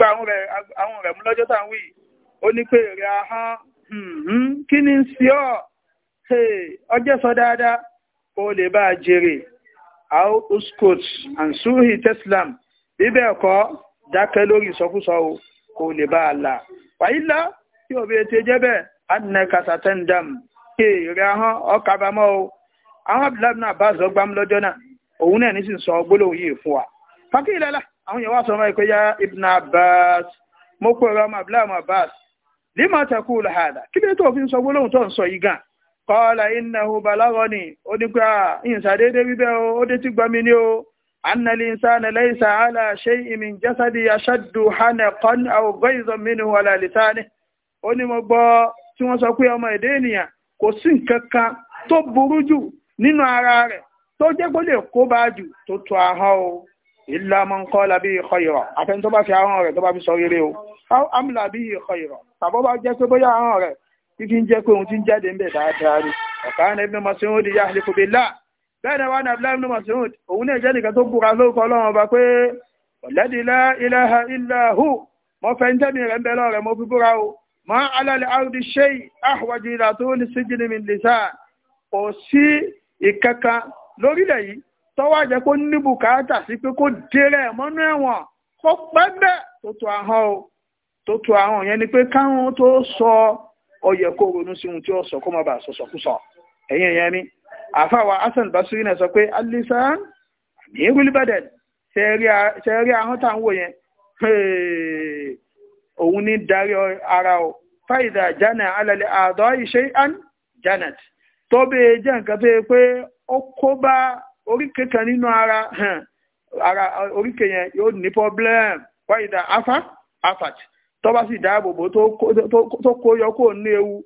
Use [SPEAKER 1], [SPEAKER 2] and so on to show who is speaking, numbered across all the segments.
[SPEAKER 1] gba àwọn rẹ̀ mú lọ́jọ́ tá wí ó ní pé èrè ahán kí ni ń sí ọ ọjọ́ sọ dáadáa kó lè bá a jèrè and suhi teslam bíbẹ̀ ẹ̀kọ́ dákẹ́ lórí ìsọkúsọ o kó lè bá a là lọ, tí òbí ètò ẹjẹ́ bẹ́ẹ̀ adìnẹ́ kasatendam kí èrè ahán ọkàbámọ́ o àwọn abdullahi bin abbas ọgbàmúlọ́jọ́ náà òun náà ní sì sọ gbólóhùn yìí fún àwọn yẹn wá sọ máa pé ya ibn abbas mo pè ọmọ abdullahi abbas lima taqulu hada kí ló tó fi ń sọ gbólóhùn tó ń sọ yìí gan qala innahu balagani ó ní pé ìǹsàdédé bíbẹ́ o ó dé tí gbọ́mi ní o anna al-insana ala shay'in min jasadi ashaddu hanaqan aw ghayzan minhu ala lisanihi ó ní mo gbọ́ tí wọ́n sọ pé ọmọ èdè ènìyàn kò sí nǹkan kan tó burú jù nínú ara rẹ̀ tó jẹ́ kó lè jù tó tu ahọ́n o illa man qala bihi khayra àfẹn tó bá fi ahọ́n rẹ̀ tó bá fi sọ rere o amla bihi khayra tàbọ́ bá jẹ́ pé bóyá ahọ́n rẹ̀ fífi ń jẹ́ pé òun ti ń jáde ń bẹ̀ dáadáa ni ọ̀ká ní ibn Mas'ud yahlifu billah bẹ́ẹ̀ ni wọ́n ní abdullahi ibn òun náà jẹ́ nìkan tó búra lórúkọ ọlọ́run ọba pé alladhi la tọ́wọ́ àjẹ́ kó ní bùkátà sí pé kó dérẹ̀ mọ́nú ẹ̀wọ̀n kó pẹ́ bẹ́ẹ̀ tó tu ahọ́n o tó tu ahọ́n yẹn ni pé káwọn tó sọ ọyẹ kó ronú sí ohun tí ó sọ kó má bàa sọsọ kúsọ ẹ̀yìn ẹ̀yẹn ni àfàwà Hasan Basiri náà sọ pé alisan ìrúlíbẹ̀dẹ̀ ṣẹ̀rí ahọ́n tá à ń wò yẹn òun ní darí ara o fáìdà jana alẹ́ àdọ́ ìṣe an janet tó bẹ́ẹ̀ jẹ́ nǹkan tó pé ó kó bá orike kan nínú ara ara yẹn yóò ní problem wáyìdá afa afat tọ́ba sì dáàbòbò tó kó yọ kó ní ewu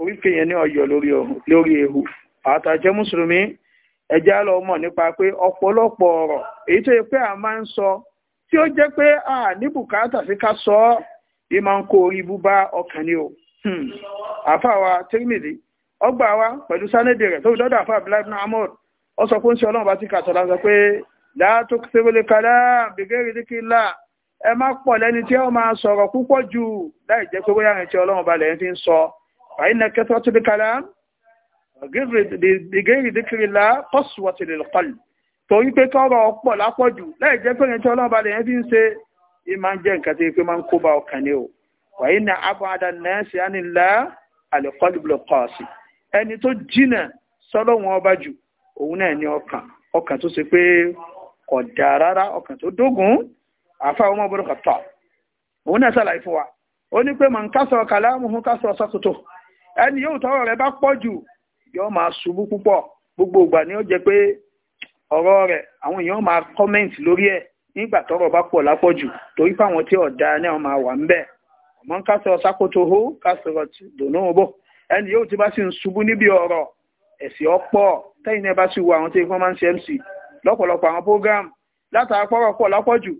[SPEAKER 1] oríkè yẹn ní ọyọ lórí ewu àtàjẹ́ mùsùlùmí ẹjẹ́ lọ mọ nípa pé ọpọlọpọ ọ̀rọ̀ èyí tó yẹ pé a máa a ní bùkátà sí ká sọ bí máa ń kó orí ibú bá ọkàn ni o hmm. àfa wa ọgbà wa ó sọ pé ń ṣe ọlọ́run bá ti kàtọ́ láti sọ pé láàtò sẹ́wẹ́lẹ́ kálá bìgẹ́rì díkìlá ẹ má pọ̀ lẹ́ni tí ó máa sọ̀rọ̀ púpọ̀ jù láì jẹ́ pé bóyá àrùn tí ọlọ́run bá lẹ́yìn fi ń sọ àyínà kẹtọ́ tó díkàlá bìgẹ́rì díkìlá kọ́sùwọ̀tì lè kọlù torí pé tọrọ ọ̀pọ̀ lápọ̀jù láì jẹ́ pé àrùn tí ọlọ́run bá lẹ́yìn fi ń ṣe é máa ń jẹ́ nǹkan tí ẹni tó jìnà sọ́lọ́run ọba jù òun náà ni ọkàn ọkàn tó ṣe pé kò dáa rárá ọkàn tó dógùn àfáà ọmọ ọbọdọ kàtà òun náà ṣàlàyé fún wa ó ní pé màá kásọ kàlámùhún kásọ sọkòtò ẹni yóò tọrọ rẹ̀ bá pọ̀ jù yóò máa ṣubú gbogbo ìgbà ni ó jẹ́ pé ọ̀rọ̀ rẹ̀ àwọn èèyàn máa kọmẹǹtì lórí nígbà bá torí fáwọn tí ọdá ni máa wà ń bẹ ọmọ ń kásọ sákòtò hó kásọ ẹni yóò ti bá sì ń ẹ̀sìn ọ̀pọ̀ tẹ́yìn náà bá sì wo àwọn tí wọ́n máa ń ṣe mc lọ́pọ̀lọpọ̀ àwọn program látara pọ́rọ̀ pọ̀ lápọ̀jù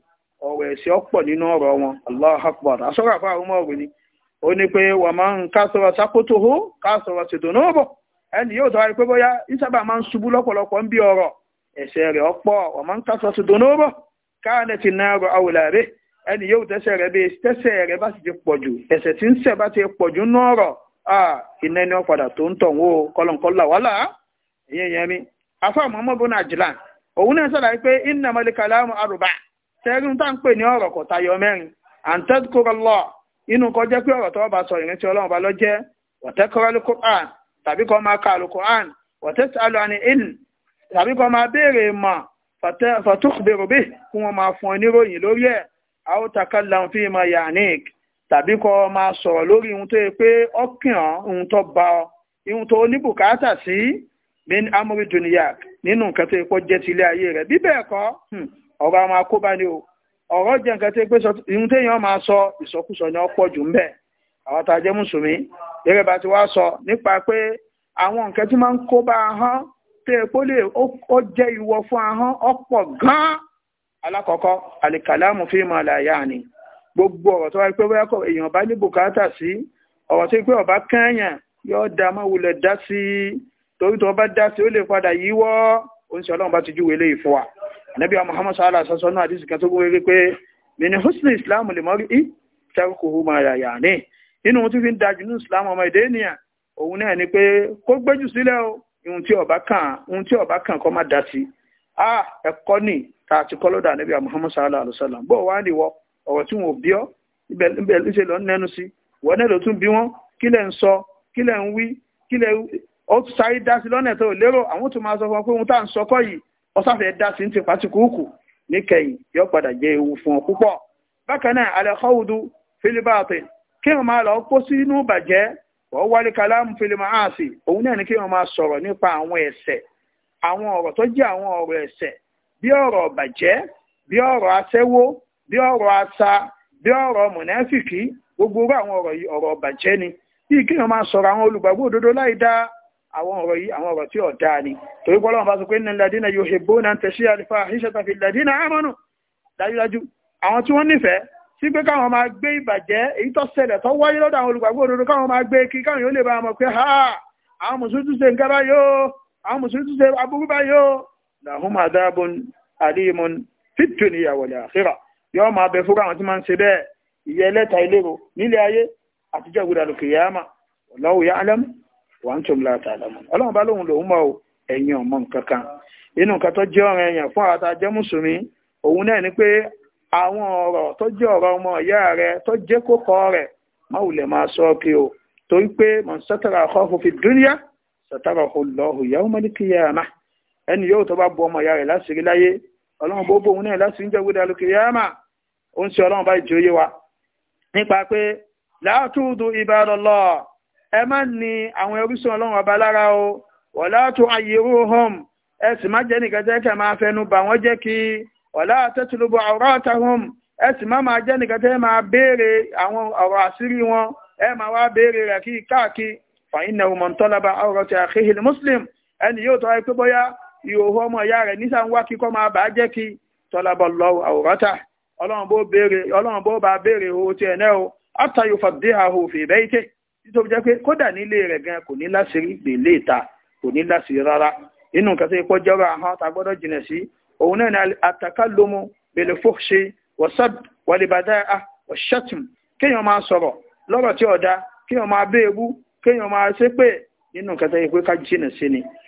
[SPEAKER 1] ọ̀rọ̀ ẹ̀sìn ọ̀pọ̀ nínú ọ̀rọ̀ wọn Akbar àfọ àwọn ọmọ ọ̀gbìn ni ó ní pé wọ́n máa ń hó ṣètò náà bọ̀ ẹni yóò pé bóyá ìsábà máa ń ṣubú lọ́pọ̀lọpọ̀ ń bí ọ̀rọ̀ iná ẹni ọ̀padà tó ń tọ̀ wó kọlọ̀nkọlọ̀ wàhálà ìyẹn yẹn mi afa muhammadu bin ajilan òun náà sọ̀rọ̀ pé inna malikalamu aruba tẹ́rin tá à ń pè ní ọ̀rọ̀ kò tayọ mẹ́rin àǹtẹ́kùrọ̀lọ́ inú kọ jẹ́ pé ọ̀rọ̀ tó bá sọ ìrántí ọlọ́run bá lọ́jẹ́ wọ̀tẹ́kọ̀rọ̀lù quran tàbí kọ́ máa ka àlù quran wọ̀tẹ́sàlù àni ilm tàbí kọ́ máa béèrè mọ̀ fàtúkùbèrò bí kí wọ́n máa fún ọ níròyìn lórí ẹ̀ àwọn takàlà ń fi mọ̀ tàbí kọ́ ọ máa sọ̀rọ̀ lórí ohun tó yẹ pé ọkàn ohun tó bá ọ ohun tó oníbùkátà sí nínú nǹkan tó yẹ ayé rẹ̀ bí bẹ́ẹ̀ kọ́ hmm, ọ̀rọ̀ àwọn akóbá ni o ọ̀rọ̀ jẹ́ nǹkan tó yẹ pé ohun sọ ìsọkúsọ ni ó pọ̀ jù ń àwọn tá a jẹ́ sọ nípa pé àwọn nǹkan tí ń kó ahọ́n tó yẹ ó jẹ́ ìwọ fún ahọ́n ọ̀pọ̀ gan-an gbogbo ọ̀rọ̀ tó wáyé pé bóyá kọ̀ èèyàn bá ní bùkátà sí ọ̀rọ̀ tó pé ọ̀bá kẹ́yàn yóò dá mọ́ wulẹ̀ dá sí i torí tó bá dá sí ó lè padà yíwọ́ oníṣẹ́ ọlọ́run bá ti júwe ilé ìfún wa ànábì Muhammad sallallahu alaihi wasallam náà àdìsí kan tó gbé pé mini husni islam lè mọ́rí í tẹ́kùrú máa yà yà ní nínú ohun tí fi ń dájú ní islam ọmọ èdè ènìyàn òun náà ni pé kó gbéjù sílẹ̀ o ohun tí ọba kàn ohun tí ọba kàn kọ́ má dá sí i ah ẹ̀kọ́ ni tá a ti kọ́ lọ́dọ̀ ànábì Muhammad sallallahu alaihi wasallam bó o wá nìwọ́ ọ̀rọ̀ tí wọn ò bí ọ́ ibẹ̀ ń ṣe lọ nẹnu sí wọ́n náà ló tún bí wọ́n kí lẹ̀ ń sọ kí lẹ̀ ń wí kí lẹ̀ ó sáré dá sí lọ́nà tó lérò àwọn tó máa sọ fún ọ pé ohun tá à ń sọ kọ́ yìí ọ̀sáfẹ́ dá sí ti pàtí kúrúkù níkẹyìn yóò padà jẹ ewu fún ọ púpọ̀ bákan náà alẹ́kọ́wùdù fílíbàtì kí wọ́n máa lọ kó sínú bàjẹ́ wọ́n wálé kalamu fílímù òun náà ni kí wọ́n máa sọ̀rọ̀ nípa àwọn ẹ̀ṣẹ̀ àwọn ọ̀rọ̀ tó jẹ́ bí ọ̀rọ̀ asa bí ọ̀rọ̀ mọ̀nẹ́fìkì gbogbo orú àwọn ọ̀rọ̀ yìí ọ̀rọ̀ ọ̀bàjẹ́ ni bí kéèyàn máa sọ̀rọ̀ àwọn olùgbàgbọ́ òdodo láì dá àwọn ọ̀rọ̀ yìí àwọn ọ̀rọ̀ tí ó dáa ni torí bá sọ pé ladina ladina dájúdájú àwọn tí sí pé káwọn máa gbé èyí tó tó wáyé àwọn òdodo káwọn máa gbé kí káwọn yóò lè bá yóò máa bẹ fúra àwọn tí máa ń ṣe bẹ́ẹ̀ ìyẹ ẹlẹ́ta ìlérò nílé ayé àtijọ́ ìwúdà lókè yàámà wallahu ya'lam wa antum la ta'lamun ọlọ́run bá lóhun lòun mọ̀ ẹ̀yìn ọmọ nǹkan kan inú nǹkan tó jẹ́ ọ̀rọ̀ ẹ̀yàn fún àwọn àtàjẹ́ mùsùlùmí òun náà ni pé àwọn ọ̀rọ̀ tó jẹ́ ọ̀rọ̀ ọmọ ìyá rẹ tó jẹ́ kókó rẹ má wulẹ̀ máa sọ kí o torí pé man satara akhahu fi dunya satarahu Allahu yawmal qiyamah ẹni yóò tó bá bu ọmọ ìyá rẹ láṣìírí láyé ọlọ́run bó bóun náà lásìkò ìjọ gbọdọ̀ lókè yáàmà ó ń ṣe ọlọ́run báyìí jòyè wa nípa pé látúndù ìbádọ́lọ́ ẹ má ní àwọn orísun ọlọ́run ọba lára o wọ̀lá tó àyèrò hom ẹ sì má jẹ́ nìkan tẹ́ kẹ́ máa fẹnu bà wọ́n jẹ́ kí wọ̀lá tẹ́tùlùbọ̀ ọ̀rọ̀ ọ̀tà hom ẹ sì má máa jẹ́ nìkan tẹ́ máa béèrè àwọn ọ̀rọ̀ àṣírí wọn ẹ máa wá béèrè rẹ̀ kí káàkiri fàyín náà mọ̀ntọ́lába ọ̀rọ̀ ti muslim ẹni yóò tọ́ ẹ ìhòòhò ọmọ ìyá rẹ̀ nísà ń wá kí kọ́ máa bàá jẹ́ kí tọ́lábọ̀ lọ àwòrátà ọlọ́run bó bá béèrè owó tiẹ̀ náà o ata yóò fà dé àhò òfin bẹ́ẹ̀ tẹ̀ nítorí jẹ́ pé kódà nílé rẹ̀ gan kò ní láṣìírí gbèlè ìta kò ní láṣìírí rárá inú nǹkan tó yẹ kó jẹ́rọ àhán ta gbọ́dọ̀ jìnà sí òun náà ni àtàkálómú bèlè fòṣe wọ́sàd wàlìbàdà à wọ́sàtùm kéèyàn máa sọ̀rọ̀ lọ́rọ̀ tí ọ̀dà kéèyàn máa béèbú kéèyàn máa ṣépè nínú nǹkan tó yẹ pé ká jìnà sí ni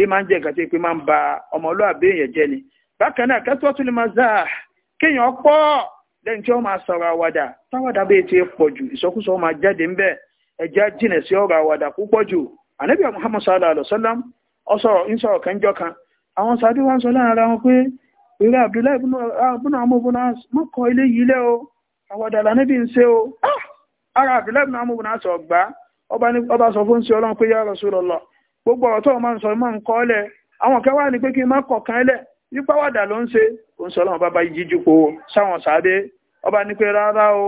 [SPEAKER 1] e ma ń jẹ́ nǹkan tó pé máa ń ba ọmọlúwàbí èèyàn jẹ ni bákan náà kẹ́tọ́ tún lè máa zá kéèyàn pọ̀ lẹ́yìn tí wọ́n máa sọ̀rọ̀ àwàdà táwàdà bẹ́ẹ̀ ti pọ jù ìsọkúsọ máa jáde ń bẹ̀ ẹja jìnà sí ọ̀rọ̀ àwàdà púpọ̀ jù ànábì Muhammad sallallahu ń kan kan wa sọ pé Abdullahi ah, ilé yìí o àwàdà lànàbì ń ṣe o ah! ara Abdullahi ọba sọ fún gbogbo ọ̀rọ̀ tó máa ń sọ máa ń kọ́ lẹ̀ àwọn kẹwàá ni pé kí n má kọ̀kan lẹ̀ nípa wàdà ló ń ṣe ó ń sọ lọ́wọ́ bàbá yìí jíjú po sáwọn sáré ọba ní pé rárá o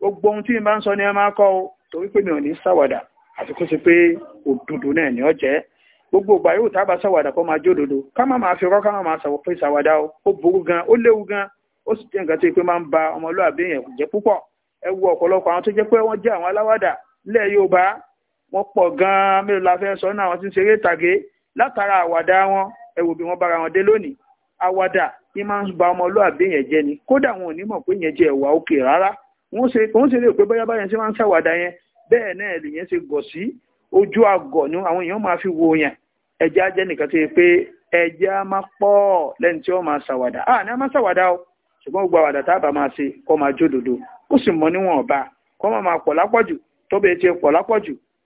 [SPEAKER 1] gbogbo ohun tí n bá ń sọ ni ẹ máa kọ́ o torí pé mi ò ní àti gbogbo yóò a kó máa jódodo ká má máa fi rọ́ ká má o ó burú gan ó léwu gan ó sì jẹ́ nǹkan ba ọmọlúwàbí yẹn jẹ́ púpọ̀ ẹ wo ọ̀pọ̀lọpọ̀ àwọn tó jẹ́ pé wọ́n jẹ́ àwọn aláwàdà wọ́n pọ̀ gan-an mélòó la fẹ́ sọ ní àwọn tí ń ṣeré ìtàgé látara àwàdà wọn ẹ wò bí wọ́n bára wọn dé lónìí àwàdà ní máa ń ba ọmọlúàbí yẹn jẹ́ ni kódà wọn ò ní mọ̀ pé yẹn jẹ́ ẹ̀wà òkè rárá wọ́n ṣe lè pé bóyá báyẹn ṣe máa ń ṣàwàdà yẹn bẹ́ẹ̀ náà lèyẹn ṣe gọ̀ sí ojú àgọ̀ ni àwọn èèyàn máa fi wo yẹn ẹja jẹ́ nìkan tó yẹ pé ẹja máa pọ̀ lẹ́ni tí wọ́n máa ṣàwàdà à ní a máa ṣàwàdà o ṣùgbọ́n gbogbo àwàdà tá a bá máa ṣe kó máa jó dodo kó sì mọ níwọ̀n ọba kó máa máa pọ̀ lápọ̀jù tó bẹ́ẹ̀ ti pọ̀ lápọ̀jù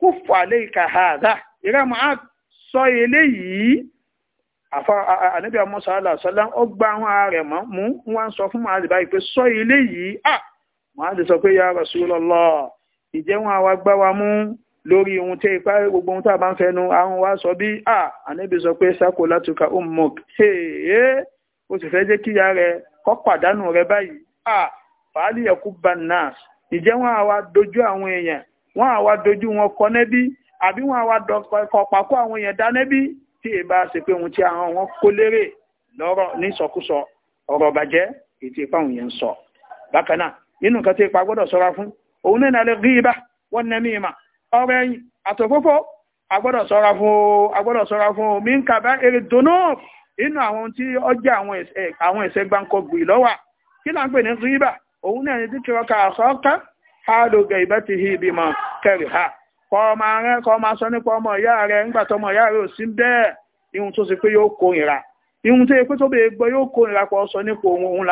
[SPEAKER 1] kó fà lé ìka àdá ìrẹ́ mọ́ á sọ eléyìí ànábì amọ́sọ aláṣọlá ó gbá àwọn ààrẹ mọ́ mú wọn sọ fún màálì báyìí pé sọ eléyìí à màálì sọ pé ya Rasulullah ìjẹ́ wọn àwa gbá wa mú lórí ohun tẹ́ ipá gbogbo ohun tá a bá ń fẹnu àwọn wa sọ bí à ànábì sọ pé sáko látùkà ummuk hèèyé ó sì fẹ́ jẹ́ kíya rẹ kọ́ pàdánù rẹ báyìí à fàálì ẹ̀kú bannas ìjẹ́ wọn àwa dojú àwọn èèyàn wọn àwa dojú wọn kọ n'ebi àbí wọn àwa dọkọ pàkó àwọn èèyàn dá nẹ́bí tí ì bá ṣe pé ohun tí àwọn wọn kó lérè lọ́rọ̀ ní ìsọkúsọ ọ̀rọ̀ bàjẹ́ ètò ìpá òun yẹn sọ bákan náà nínú nǹkan tí ipa gbọ́dọ̀ sọ́ra fún òun náà lè rí ibà wọ́n nẹ́mí ìmà ọ̀rọ̀ ẹ̀yìn àtòfófó agbọ́dọ̀ fún o agbọ́dọ̀ sọ́ra fún o mi ń kàbá èrè dùnú inú àwọn tí ó àwọn gbáǹkọ kí ń pè hálò gẹ̀ẹ́bẹ́tì hì bímọ kẹrì ha kọ́ ọmọ rẹ kọ́ ọmọ sọ nípa ọmọ ìyá rẹ ńgbà tó ọmọ ìyá rẹ ò sí bẹ́ẹ̀ ihun tó sì pé yóò kórìíra ihun tó yẹ pé tó bèè gbọ́ yóò kórìíra pọ̀ sọ nípa òun òun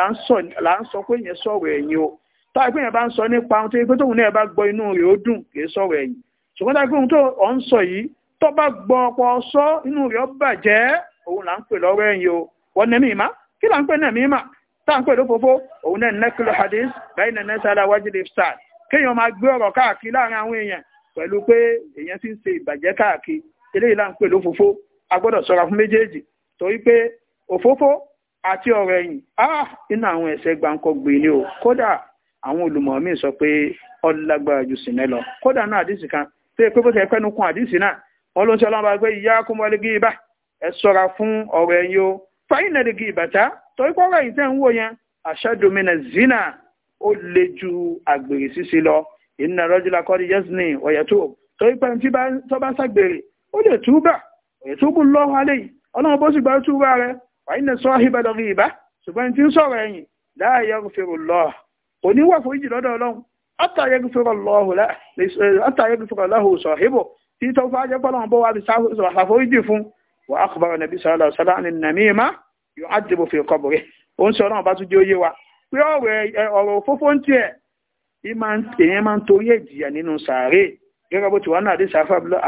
[SPEAKER 1] là ń sọ pé yẹn sọ̀rọ̀ ẹ̀yìn o tó àìpé yẹn bá ń sọ nípa ohun tó yẹ pé tóun náà bá gbọ́ inú rẹ̀ ó dùn kì í sọ̀rọ̀ ẹ̀yìn ṣùgbọ́n tá à ń pè lófófó òun náà nẹ́kìlọ̀ hadith báyìí nẹ́sàlá wájú lè sáà kéèyàn máa gbé ọ̀rọ̀ káàkiri láàrin àwọn èèyàn pẹ̀lú pé èèyàn ti ń ṣe ìbàjẹ́ káàkiri eléyìí là ń pè lófófó a gbọ́dọ̀ ṣọ́ra fún méjèèjì torí pé òfófó àti ọ̀rọ̀ ẹ̀yìn ah nínú àwọn ẹ̀ṣẹ̀ gbáǹkọ́ gbé ni o kódà àwọn olùmọ̀ mi sọ pé ọlágbára ju sìnẹ lọ kódà náà àdìsí kan tó yẹ pé bó ti ẹ pẹ́nu kun àdìsí náà wọn ló ń sọ ọlọ́run bá gbé ìyá kúmọ́lé gí ibà ẹ ṣọ́ra fún ọ̀rọ̀ ẹ̀yìn o fáyínà lè gí ìbàtà torí pé ọ̀rọ̀ ẹ̀yìn tẹ́ ń wò yẹn àṣà domina zina ó le ju àgbèrè ṣíṣe lọ inna rajula qad yazni wa yatub torí pé tí tó bá ṣàgbèrè ó lè túbà wa yatubu Allahu alayhi ọlọ́run bó sì gbà túbà rẹ̀ wa inna sahiba al-ghiba ṣùgbọ́n tí ń sọ̀rọ̀ ẹ̀yìn la yaghfirullah kò ní wà fún ìjì lọ́dọ̀ ọlọ́run hatta yaghfira lahu sahibuhu tí tó fà jẹ́ pọ́lọ́n bó wà bí ṣàforíjì fún wa akhbara nabi sallallahu alaihi wasallam an-namima yu'adhibu fi qabrihi ó ń sọ ọlọ́run bá tún jẹ́ òye wa pé ọ̀rọ̀ òfófó ń tiẹ̀ èèyàn máa ń torí èjìyà nínú sàárè gẹ́gẹ́ bó ti wà náà àdéṣà abdullahi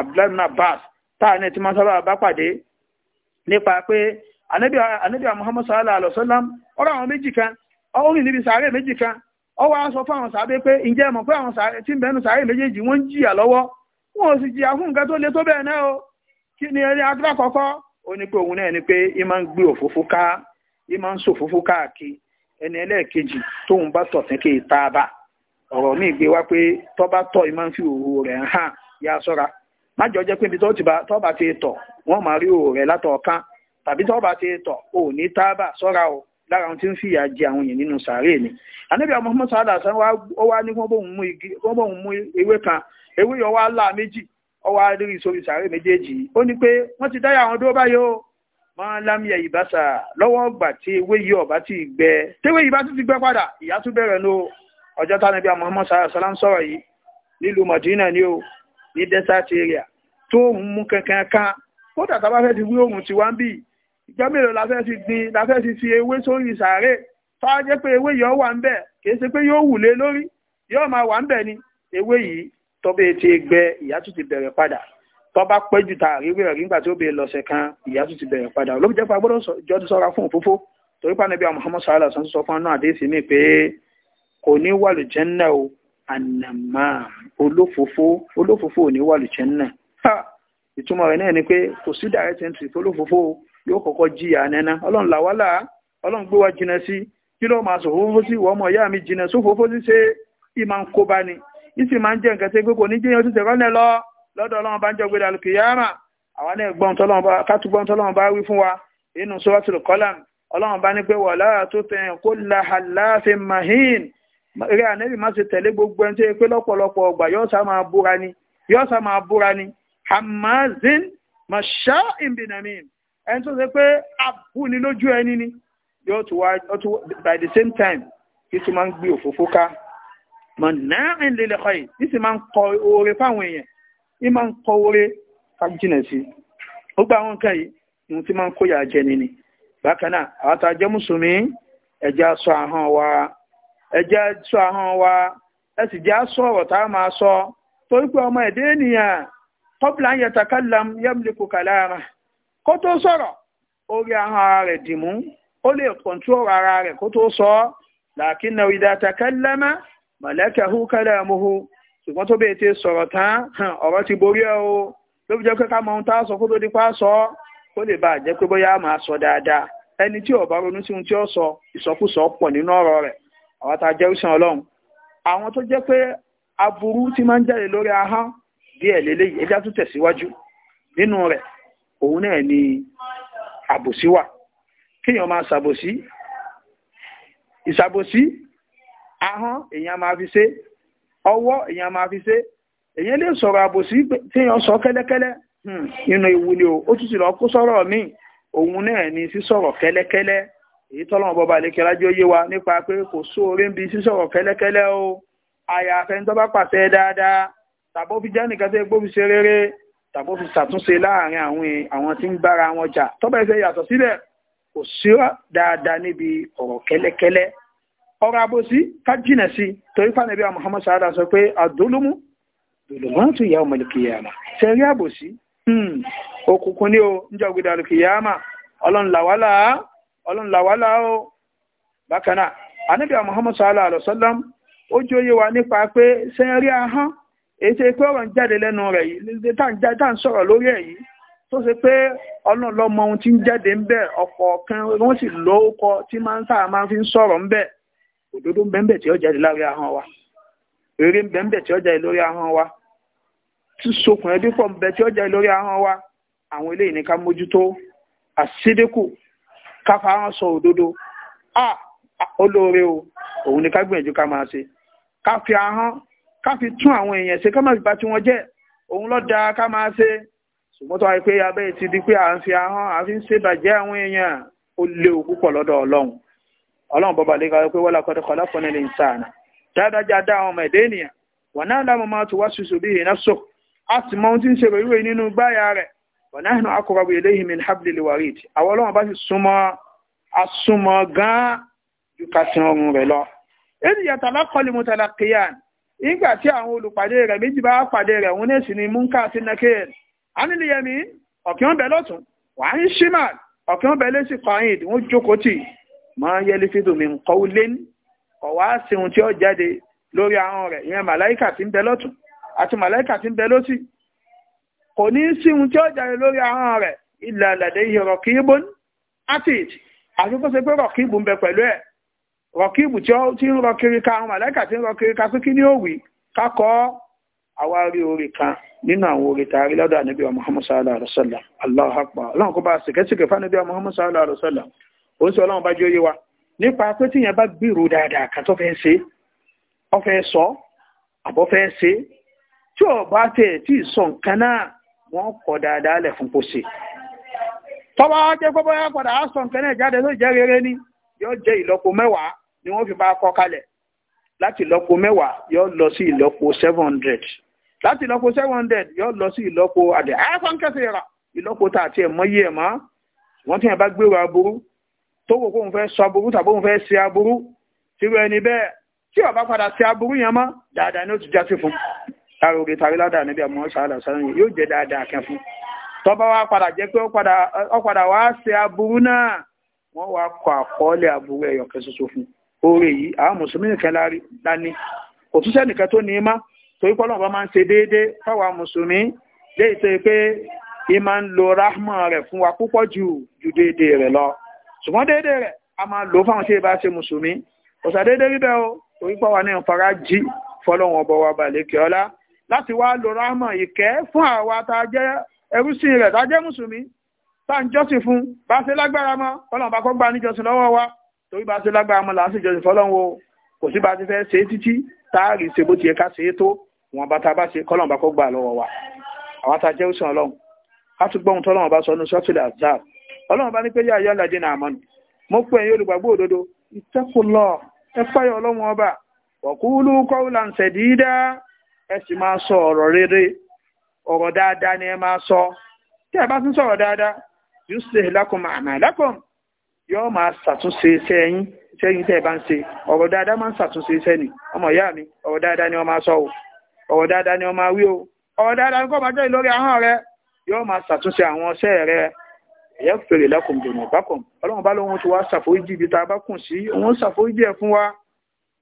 [SPEAKER 1] abbas táà ní ti máa sábà bá pàdé nípa pé anábíà muhammad sallallahu alaihi wasallam ọ̀rọ̀ àwọn méjì kan ó níbi sàárè méjì kan ó wá sọ fún àwọn pé ǹjẹ́ mọ̀ pé àwọn tí ń sàárè méjèèjì wọ́n ń jìyà lọ́wọ́ wọn o kí ni eré adúlá kọ́kọ́ ó ní pé òun náà ni ẹni ẹlẹ́ẹ̀kejì tóun bá tọ̀ tán ta bá ọ̀rọ̀ míì gbé wá pé tọ́ba tọ̀ ẹ máa ń fi òwò rẹ̀ hàn yá sọ́ra má jọ jẹ́ pé ibi tọ́ba ti tọ̀ wọ́n máa rí rẹ̀ látọ̀ọ̀kan tàbí tọ́ba ti tọ̀ ò ní o lára ohun tí ń fìyà jẹ àwọn èèyàn nínú sàárè ni ànábì ó wá ní kan ewé yọ wá méjì rí sórí sàárè méjèèjì ó ní pé wọ́n ti dáyà máa lámìẹ̀ ìbáṣà lọ́wọ́ ọgbà tí ewé yìí ọ̀bá ti gbẹ tewé yìí bá ti ti gbẹ padà ìyá tún bẹ̀rẹ̀ ní o ọjọ́ tánàbí Muhammad sàlám sọ̀rọ̀ yìí nílùú Madina ni o ní desert area tó ń mú kankan kan kódà tá a bá fẹ́ ti wí òòrùn tiwa ń bì ìgbà mélòó la fẹ́ ti gbin la fẹ́ ti fi ewé sórí sàárè tó a jẹ́ pé ewé yìí ó wà ń bẹ̀ kì í ṣe pé yóò wùlé lórí yóò máa wà ń bẹ̀ ni ewé yìí tọ́bẹ̀ ti gbẹ ìyá tún tó bá pẹ́ jù tá àríwé ẹ̀rí nígbà tí ó bèèrè lọ́sẹ̀ kan ìyá tó ti bẹ̀rẹ̀ padà ló jẹ́ pé agbọ́dọ̀ jọ́dí sọ́ra fún òfófó torí pé Ànábì Muhammad sallallahu alaihi wasallam sọ fún ọ̀nà àdéhìsí mi pé kò ní wà lù jẹ́nà o ànàmá olófòfó olófòfó ò ní wà lù jẹ́nà ìtumọ̀ rẹ̀ náà ni pé kò sí direct entry fólófòfó yóò kọ́kọ́ jìyà nẹ́ná ọlọ́run làwálà ọlọ́run gbé wa jìnà sí kí ló máa sọ fófó sí ìwọ ọmọ ìyá mi jìnà lọ́dọ̀ ọlọ́run bá ń jọ gbé dàlù kìyàmà àwọn náà gbọ́n tọ́lọ́run bá kátúgbọ́n tọ́lọ́run bá wí fún wa inú suratul qalam ọlọ́run bá ní pé wala tuti kulla hallafin mahin eré ànẹ́bì má ṣe tẹ̀lé gbogbo ẹni tó yẹ pé lọ́pọ̀lọpọ̀ ọgbà yóò sá máa búra ni yóò sá máa búra ni hamazin masha'in binamim ẹni tó ṣe pé abúni lójú ẹni ni yóò tún wá by the same time kí tún máa ń gbé òfófó ká mọ̀ náà ń lélẹ̀ kọ́ yìí ní sì máa ń kọ oore fáwọn èèyàn ní máa ń kọ oore kájínà sí ó gba àwọn nǹkan yìí ohun tí máa ń kóyà jẹ nìní bákan àwọn a mùsùlùmí ẹ̀já sọ ahọ́n wa ẹ̀já wa ẹ sì jẹ́ aṣọ ọ̀rọ̀ tá a máa sọ torí pé ọmọ ẹ̀dẹ́ ènìyàn kọ́bìlà ń yẹta kálàm yẹ́mùlẹ́kù kàlára kó tó sọ̀rọ̀ orí ara dìmú ó lè ara kó tó sọ làákínà ìdá ṣùgbọ́n tó bẹ́ẹ̀ ti sọ̀rọ̀ tán ọ̀rọ̀ ti borí ẹ o ló fi jẹ́ pé ká mọ ohun tá a sọ kó tó di pa sọ kó lè bàa jẹ́ pé bóyá a máa sọ dáadáa ẹni tí ó bá ronú sí ohun tí ó sọ ìsọkúsọ pọ̀ nínú ọ̀rọ̀ rẹ̀ àwọn tá a jẹ́ òsàn ọlọ́run àwọn tó jẹ́ pé aburú tí máa ń jáde lórí ahọ́n díẹ̀ lélẹ́yìí ẹjá tún tẹ̀síwájú nínú rẹ̀ òun náà ni àbòsí wà kéèyàn máa ṣàbòsí ìṣàbòsí ahọ́n èèyàn máa fi ṣe é ọwọ́ èèyàn máa fi ṣe èèyàn lè sọ̀rọ̀ àbòsí téèyàn sọ kẹ́lẹ́kẹ́lẹ́ nínú hmm, ewu ni o ó tún ti lọ kó sọ̀rọ̀ míì òun náà ni sísọ̀rọ̀ kẹ́lẹ́kẹ́lẹ́ èyí tọ́lọ́mọ bọ́ba àlekè lájọ yé wa nípa pé kò sóore ń bi sísọ̀rọ̀ kẹ́lẹ́kẹ́lẹ́ o àyàfẹ́ ń tọ́ba pàṣẹ dáadáa tàbó fi jẹ́ nìkan tó gbó fi ṣe rere tàbó fi ṣàtúnṣe láàrin e, àwọn tí ń bára wọn jà tọ́ba ìfẹ́ yàtọ̀ síbẹ̀ kò sí dáadáa níbi ọ̀rọ̀ kẹ́lẹ́kẹ́lẹ́ ọ̀rọ̀ àbòsí ká jìnà sí torí pàdé bí Muhammad sa'adà sọ pé àdólómú dòlòmọ́tò ìyá ọmọ ìkìyàmà ṣe rí àbòsí hmm, òkùnkùn ní o níjọ́ gbé dàrú kìyàmà ọlọ́run làwálà o bákan náà ànábì Muhammad sa'adà àlọ́sọ́lám ó jóye wa nípa pé ṣe rí ahọ́n èyí ṣe pé ọ̀rọ̀ ń jáde lẹ́nu rẹ̀ yìí tá à ń sọ̀rọ̀ lórí ẹ̀ yìí tó ṣe pé ọlọ́run ohun tí ń jáde ń bẹ̀ ọ̀pọ̀ kan wọ́n sì lọ́ọ́kọ tí máa ń sáà máa fi ń sọ̀rọ̀ ń bẹ̀ òdodo ń tí ó jáde lórí ahọ́n wa rere ń tí wa sísokùn ẹbí pọ̀ ń tí ó jáde lórí ahọ́n wa àwọn eléyìí ní ká mójútó àṣídẹ́kù sọ òdodo a olóore o òun ni ká gbìyànjú ká máa ṣe ká fi ahọ́n tún àwọn èèyàn ká fi tí wọ́n jẹ́ òun ká máa ṣe ṣùgbọ́n tó wáyé fi ahọ́n à ń fi ń ṣèbàjẹ́ àwọn èèyàn ó ọlọ́run bọ́ba lè ka pé wọ́lá kọ́dọ̀ kọ́lá fún ilé ìsáànà dáadájá dá àwọn ọmọ ẹ̀dẹ́ ènìyàn wọ́n náà lámọ máa tó wá ṣoṣo bí ìhìnà sọ a sì mọ ohun tí ń ṣe pẹ̀lú rẹ̀ nínú gbáyà rẹ̀ wọ́n náà nù akọ̀rọ̀bù eléyìí min hablil warid àwọn ọlọ́run bá sì súnmọ́ ni múnká sí aniliyemi ọ̀kí wọn bẹ lọ́tún wàá ń ma yalfidu min qawlin ọ̀wá ọwa ohun tí ó jade lori ahọ́n rẹ ìyẹn màláìkà ti n bẹ lọ́tún àti màláìkà tí ń bẹ kò ní sí tí ó jáde lórí ahọ́n rẹ̀ illa ladayhi raqibun atid àti pé ń bẹ ka àwọn ti tí ń rọ ka àwa rí orí kan nínú àwọn orí tààrí sallallahu alaihi wa sallam ó sì ọlọ́run bá jẹ́ òye wa nípa pé tíyẹn bá gbèrò dáadáa kan tó fẹ́ ṣe ọ fẹ́ sọ àbọ̀ fẹ́ ṣe tí ò bá tẹ̀ tí ì sọ nǹkan náà wọ́n kọ̀ dáadáa lẹ̀ fún pòṣe tọ́ba jẹ́ pé bóyá padà á sọ nǹkan náà jáde ló jẹ́ rere ni yóò jẹ́ ìlọ́po mẹ́wàá ni wọ́n fi bá kọ́ kalẹ̀ láti ìlọ́po mẹ́wàá yóò lọ sí ìlọ́po seven hundred láti ìlọ́po seven hundred yóò lọ sí ìlọ́po àdè àyàfọ́nkẹ́sì rà ìlọ́po tá àti ẹ̀mọ́ yé ẹ̀mọ́ wọ́n ti yẹn bá gbéra aburú tó wò kóun fẹ́ sọ aburú tàbí òun fẹ́ ṣe aburú tírú ẹni bẹ́ẹ̀ tí ọ bá padà ṣe aburú yẹn mọ́ dáadáa ni ó ti jásí fún lára òde tàbí ládàá níbi àmọ́ sàálà sàálà yìí yóò jẹ́ dáadáa kan fún tó bá wá padà jẹ́ pé ó padà wá aburú náà kọ aburú fún oore yìí àwọn mùsùlùmí nìkan lání kò tó ní torí bá máa ń ṣe déédéé fáwọn mùsùlùmí lo rahman fún wa púpọ̀ ju ju déédéé lọ ṣùgbọ́n déédé rẹ̀ a máa lò fáwọn tí ìbá ṣe mùsùlùmí ọ̀sà déédé rí bẹ́ẹ̀ o torí pọ̀ wà ní ìfara jí fọlọ́wọn ọbọ̀ wa balẹ̀kẹ́ ọlá láti wá lo rámọ̀ ìkẹ́ fún àwa tá a jẹ́ ẹrúsìn rẹ̀ tá a jẹ́ mùsùlùmí tá à ń jọ́sìn fún bá a ṣe lágbára mọ́ fọlọ́wọn bá kọ́ gba níjọsìn lọ́wọ́ wa torí bá a ṣe lágbára mọ́ là ń ṣèjọsìn fọlọ́wọn o kò sí bá a ti fẹ́ ṣe é títí tá a rí ṣe bó ti yẹ ká ṣe é ọlọ́run bá ní pé yáyọ́ ọ̀làdé náà mọ́nu mo olùgbàgbọ́ òdodo ìtẹ́kùlọ̀ ẹ fáyọ̀ ọlọ́run ọba ẹ sì máa sọ ọ̀rọ̀ rere ọ̀rọ̀ dáadáa ni sọ tí ẹ bá sọ̀rọ̀ dáadáa yóò ṣe lákùn lákùn yóò máa ṣàtúnṣe tẹ́ ẹ bá ń ṣe ọ̀rọ̀ dáadáa máa ń ṣàtúnṣe ọmọ sọ o ọ̀rọ̀ dáadáa ni ọ máa wí o ọ̀rọ̀ dáadáa ni máa jẹ́ ẹ̀yẹ́ fèrè lẹ́kùn dùnú bákùn ọlọ́run bá lóhun ti wá ṣàforíjì ibi tá a bá kùn sí òun ṣàforíjì ẹ̀ fún wa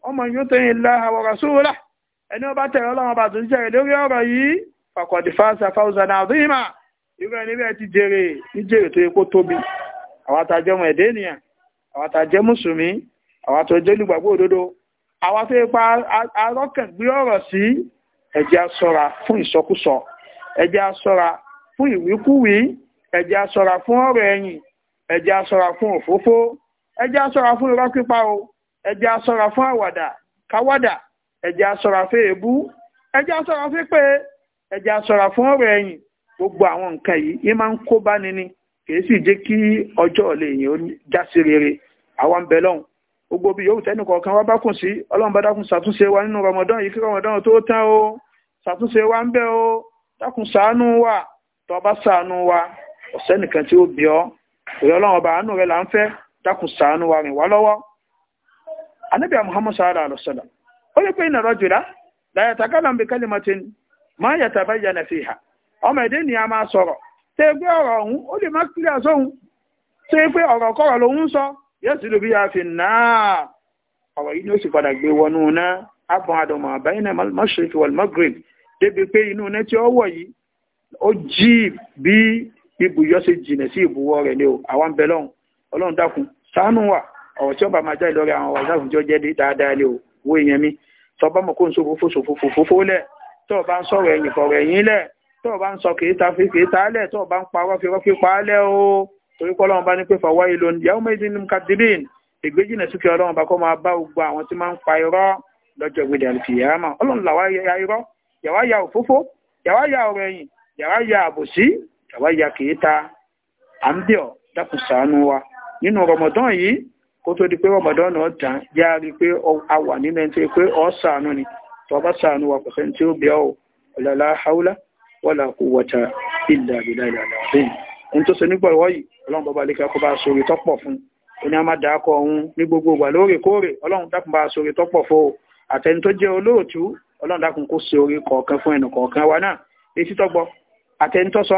[SPEAKER 1] ọmọ yóò tẹ̀yìn ilá àwọn rasúlá ẹni ọba tẹ̀rẹ̀ ọlọ́run bá tún jẹ́rẹ̀ lórí ọ̀rọ̀ yìí fàkọ̀dì fáṣà fáwùsàn àdúyìmá irú ẹni bẹ́ẹ̀ ti jèrè ní jèrè tó yẹ kó tóbi àwa tá a jẹ́ ọmọ ẹ̀dẹ́ ènìyàn àwa tá a jẹ́ mùsùlùmí àwa tó jẹ́ olùgbàgbọ́ òdodo àwa tó yẹ pa arọ́kàn gbé ọ̀rọ̀ sí ẹ jẹ́ a ṣọ́ra fún ìsọkúsọ ẹ jẹ́ a ṣọ́ra fún ìwíkúwìí ẹ̀jẹ̀ asọra fún ọrụ ẹ̀yìn ẹ̀jẹ̀ asọra fún òfófó ẹ̀jẹ̀ asọra fún irọ́ pípa o ẹ̀jẹ̀ á fún àwàdà káwàdà ẹ̀jẹ̀ asọra fún èébú ẹ̀jẹ̀ á fún pé fún ọrụ ẹ̀yìn gbogbo àwọn nǹkan yìí yìí máa ń kó kìí sì kí yìí gbogbo bí yòówù wá bá kùn sí bá dákun ṣàtúnṣe wa ọ̀sẹ́nìkan tí ó bí ọ ìrẹ́ ọlọ́run ọba àánú rẹ̀ là ń fẹ́ dákun ṣàánú wa rìn wá lọ́wọ́ muhammad sallallahu alaihi wasallam ó yẹ pé iná rọ́jù rá máa yàtà bá fi hà ọmọ ẹ̀dẹ́ ni a máa sọ̀rọ̀ tẹ́ gbé ọ̀rọ̀ ọ̀hún ó lè má kílẹ̀ sóhun tẹ́ pé ọ̀rọ̀ kọ̀rọ̀ lòun sọ yẹ́sì yà fi náà ọ̀rọ̀ yìí ni ó sì padà gbé wọnú náà débi pé inú náà tí ó wọ̀ yìí bíbuyọ́ ṣe jìnà sí ìbúwọ́ rẹ̀ ni o àwọn bẹ lọ́hùn ọlọ́run dákun ṣàánú wa ọ̀rọ̀ tí ọba máa jáde lórí àwọn wàhálà fún tí ó jẹ́ dáadáa ni o wo èèyàn mi tọba mọ̀ kó n so fòfò sòfò fòfò lẹ̀ tọ́ ọba ń sọ̀rọ̀ ẹ̀yìn fọ̀rọ̀ ẹ̀yìn lẹ̀ tọ́ ọba ń sọ kèéta fi kèéta lẹ̀ tọ́ ọba ń pa wá fi wá fi pa á lẹ̀ o torí pé ọlọ́run bá ní pé fàwa ìlò ìyàwó méjì ní kadibin ìgbéjìnà sí kí ọlọ́run bá kọ́ máa bá gbogbo àwọn tí máa ń pa irọ́ lọ́jọ́ ìgbéjà fìyàmà ọlọ́run làwa ya irọ́ yàwá ya òfófó yàwá ya ọ̀rọ̀ ẹ̀yìn yàwá ya àbòsí tàwa ya kìí ta à ń bẹ̀ ọ́ dákun ṣàánú wa nínú rọmọdán yìí kó tó di pé rọmọdán náà tán yá rí pé a wà nínú ẹni tó yẹ pé ọ́ ṣàánú ni tó bá ṣàánú wa kò sẹ́ni tí ó bẹ̀ ọ́ ọ̀làlá haúlá wọ́là kó wọ́ta ìlà ìlà ìlà àbẹ́yìn ohun tó ṣe nígbà wọ́yìí ọlọ́run bọ́ba lékẹ́ kó bá sórí tọ́pọ̀ fún ó ní a máa dákọ̀ ọ̀hún ní gbogbo ìgbà lóòrèkóòrè ọlọ́run dákun bá sórí tọ́pọ̀ fún o àtẹni tó jẹ́ olóòtú ọlọ́run dákun kó sórí kọ̀ọ̀kan fún ẹnì kọ̀ọ̀kan wa náà etí tọ́gbọ́ àtẹni tó sọ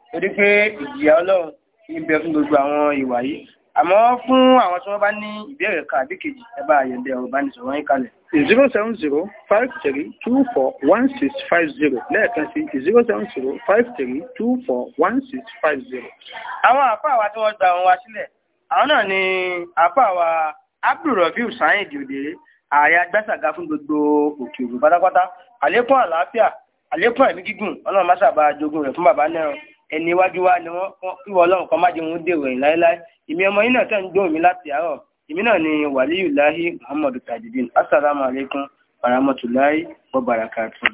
[SPEAKER 2] torí pé ìjìyà ọlọ́run ti ń bẹ fún gbogbo àwọn ìwà yìí àmọ́ fún àwọn tí wọ́n bá ní ìbéèrè kan àbí kejì ẹ bá àyẹ̀dẹ̀ ọ̀rọ̀ ìbánisọ̀rọ̀ yín kalẹ̀. zero seven zero five three two four
[SPEAKER 1] one six five zero lẹ́ẹ̀kan sí zero seven zero five three two four one six five
[SPEAKER 2] zero. àwọn àfáà wa tí wọ́n gba àwọn wa sílẹ̀ àwọn náà ni àfáà wa abdulrafiu saheed òdèrè ààrẹ agbẹ́sàgá fún gbogbo òkè òkè pátápátá àlékún àlàáfíà àlékún ẹ̀mí gígùn ọlọ́run má sábà jogún rẹ̀ fún bàbá náà ẹni iwájú wa ni wọn kí wọ́n lọ́rùn kan má jẹun dèrò yìí láéláé ìmí ọmọ yìí náà tẹ̀ ń gbóhùn mi láti àárọ̀ ìmí náà ni wàlíyù láhí muhammadu asalaamu tajudeen assalamu alaikum warahmatullahi wabarakatuh.